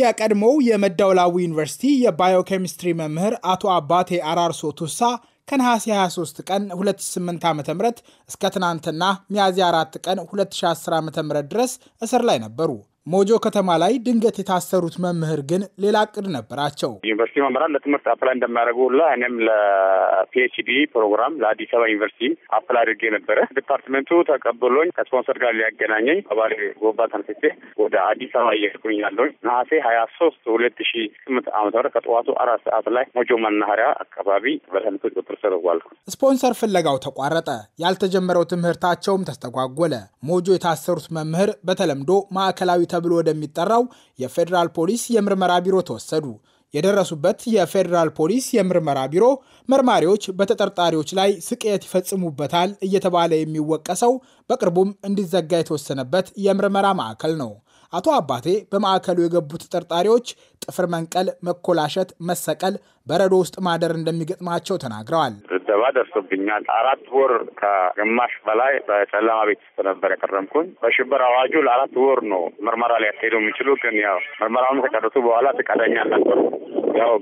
የቀድሞው የመደወላዊ ዩኒቨርሲቲ የባዮኬሚስትሪ መምህር አቶ አባቴ አራርሶ ቱሳ ከነሐሴ 23 ቀን 2008 ዓ ም እስከ ትናንትና ሚያዝያ 4 ቀን 2010 ዓ ም ድረስ እስር ላይ ነበሩ። ሞጆ ከተማ ላይ ድንገት የታሰሩት መምህር ግን ሌላ እቅድ ነበራቸው። ዩኒቨርሲቲ መምህራን ለትምህርት አፕላይ እንደሚያደርጉ ሁላ እኔም ለፒኤችዲ ፕሮግራም ለአዲስ አበባ ዩኒቨርሲቲ አፕላይ አድርጌ ነበረ። ዲፓርትመንቱ ተቀብሎኝ ከስፖንሰር ጋር ሊያገናኘኝ ባሌ ጎባ ተነስቼ ወደ አዲስ አበባ እየሄድኩኝ ያለሁኝ ነሐሴ ሀያ ሶስት ሁለት ሺ ስምንት ዓመተ ምህረት ከጠዋቱ አራት ሰዓት ላይ ሞጆ መናኸሪያ አካባቢ በሰልፍ ቁጥር ስር ዋልኩ። ስፖንሰር ፍለጋው ተቋረጠ። ያልተጀመረው ትምህርታቸውም ተስተጓጎለ። ሞጆ የታሰሩት መምህር በተለምዶ ማዕከላዊ ተብሎ ወደሚጠራው የፌዴራል ፖሊስ የምርመራ ቢሮ ተወሰዱ። የደረሱበት የፌዴራል ፖሊስ የምርመራ ቢሮ መርማሪዎች በተጠርጣሪዎች ላይ ስቅየት ይፈጽሙበታል እየተባለ የሚወቀሰው በቅርቡም እንዲዘጋ የተወሰነበት የምርመራ ማዕከል ነው። አቶ አባቴ በማዕከሉ የገቡት ተጠርጣሪዎች ጥፍር መንቀል፣ መኮላሸት፣ መሰቀል፣ በረዶ ውስጥ ማደር እንደሚገጥማቸው ተናግረዋል። ድብደባ ደርሶብኛል። አራት ወር ከግማሽ በላይ በጨለማ ቤት ውስጥ ነበር ያቀረምኩኝ። በሽብር አዋጁ ለአራት ወር ነው ምርመራ ሊያካሄዱ የሚችሉ ግን ያው ምርመራውን ከጨረሱ በኋላ ፍቃደኛ ነበሩ። ያው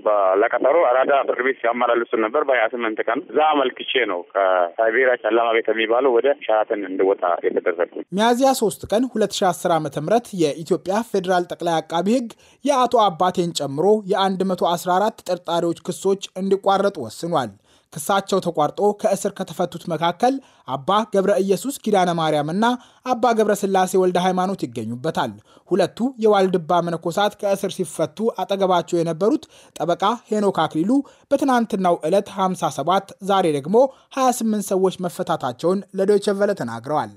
ለቀጠሮ አራዳ ፍርድ ቤት ሲያመላልሱ ነበር። በሀያ ስምንት ቀን እዛ አመልክቼ ነው ከሳይቤሪያ ጨለማ ቤት የሚባለው ወደ ሸራተን እንድወጣ የተደረጉ። ሚያዝያ ሶስት ቀን ሁለት ሺ አስር ዓመተ ምህረት የኢትዮጵያ ፌዴራል ጠቅላይ አቃቢ ሕግ የአቶ አባቴን ጨምሮ የአንድ መቶ አስራ አራት ተጠርጣሪዎች ክሶች እንዲቋረጡ ወስኗል። ክሳቸው ተቋርጦ ከእስር ከተፈቱት መካከል አባ ገብረ ኢየሱስ ኪዳነ ማርያምና አባ ገብረ ስላሴ ወልደ ሃይማኖት ይገኙበታል። ሁለቱ የዋልድባ መነኮሳት ከእስር ሲፈቱ አጠገባቸው የነበሩት ጠበቃ ሄኖክ አክሊሉ በትናንትናው ዕለት 57 ዛሬ ደግሞ 28 ሰዎች መፈታታቸውን ለዶይቼ ተናግረዋል።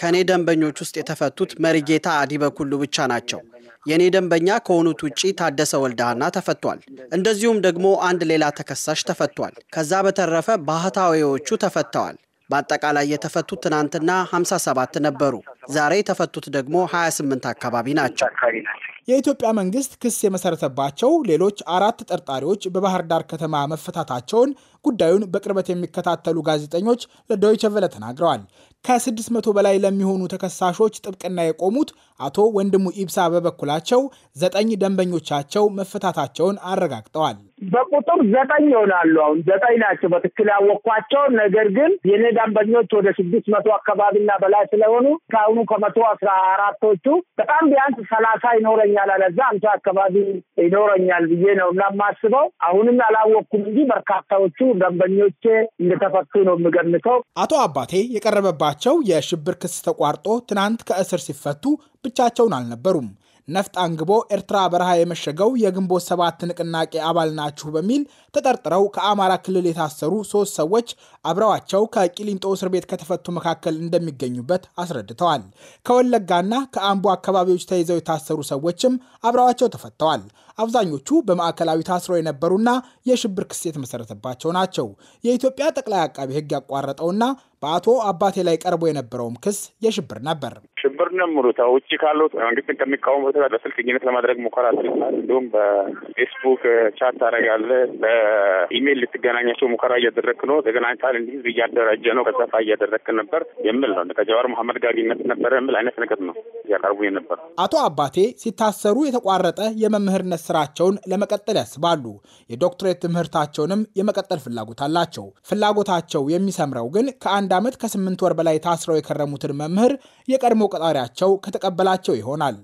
ከእኔ ደንበኞች ውስጥ የተፈቱት መሪጌታ አዲበኩሉ ብቻ ናቸው። የእኔ ደንበኛ ከሆኑት ውጪ ታደሰ ወልዳህና ተፈቷል። እንደዚሁም ደግሞ አንድ ሌላ ተከሳሽ ተፈቷል። ከዛ በተረፈ ባህታዊዎቹ ተፈተዋል። በአጠቃላይ የተፈቱት ትናንትና 57 ነበሩ። ዛሬ የተፈቱት ደግሞ 28 አካባቢ ናቸው። የኢትዮጵያ መንግስት ክስ የመሰረተባቸው ሌሎች አራት ተጠርጣሪዎች በባህር ዳር ከተማ መፈታታቸውን ጉዳዩን በቅርበት የሚከታተሉ ጋዜጠኞች ለዶይቸ ቨለ ተናግረዋል። ከ600 በላይ ለሚሆኑ ተከሳሾች ጥብቅና የቆሙት አቶ ወንድሙ ኢብሳ በበኩላቸው ዘጠኝ ደንበኞቻቸው መፈታታቸውን አረጋግጠዋል። በቁጥር ዘጠኝ ይሆናሉ። አሁን ዘጠኝ ናቸው በትክክል ያወቅኳቸው። ነገር ግን የኔ ደንበኞች ወደ ስድስት መቶ አካባቢና በላይ ስለሆኑ ከአሁኑ ከመቶ አስራ አራቶቹ በጣም ቢያንስ ሰላሳ ይኖረኛል አለዛ አምሳ አካባቢ ይኖረኛል ብዬ ነው እናማስበው። አሁንም አላወቅኩም እንጂ በርካታዎቹ ደንበኞቼ እንደተፈቱ ነው የምገምተው። አቶ አባቴ የቀረበባቸው የሽብር ክስ ተቋርጦ ትናንት ከእስር ሲፈቱ ብቻቸውን አልነበሩም። ነፍጥ አንግቦ ኤርትራ በረሃ የመሸገው የግንቦት ሰባት ንቅናቄ አባል ናችሁ በሚል ተጠርጥረው ከአማራ ክልል የታሰሩ ሶስት ሰዎች አብረዋቸው ከቂሊንጦ እስር ቤት ከተፈቱ መካከል እንደሚገኙበት አስረድተዋል። ከወለጋና ከአምቦ አካባቢዎች ተይዘው የታሰሩ ሰዎችም አብረዋቸው ተፈተዋል። አብዛኞቹ በማዕከላዊ ታስረው የነበሩና የሽብር ክስ የተመሰረተባቸው ናቸው። የኢትዮጵያ ጠቅላይ አቃቢ ሕግ ያቋረጠውና በአቶ አባቴ ላይ ቀርቦ የነበረውም ክስ የሽብር ነበር። ሽብር ነው የሚሉት ውጭ ካሉት መንግስትን ከሚቃወሙት ጋር በስልክኝነት ለማድረግ ሙከራ አድርገሃል፣ እንዲሁም በፌስቡክ ቻት ታደርጋለህ፣ በኢሜይል ልትገናኛቸው ሙከራ እያደረግክ ነው፣ ተገናኝታል፣ እንዲ ህዝብ እያደራጀ ነው፣ ከዛፋ እያደረግክ ነበር የምል ነው። ከጀዋር መሐመድ ጋር ግንኙነት ነበረ የምል አይነት ነገር ነው። እያቀርቡ የነበር። አቶ አባቴ ሲታሰሩ የተቋረጠ የመምህርነት ስራቸውን ለመቀጠል ያስባሉ። የዶክትሬት ትምህርታቸውንም የመቀጠል ፍላጎት አላቸው። ፍላጎታቸው የሚሰምረው ግን ከአንድ ዓመት ከስምንት ወር በላይ ታስረው የከረሙትን መምህር የቀድሞ ቀጣሪያቸው ከተቀበላቸው ይሆናል።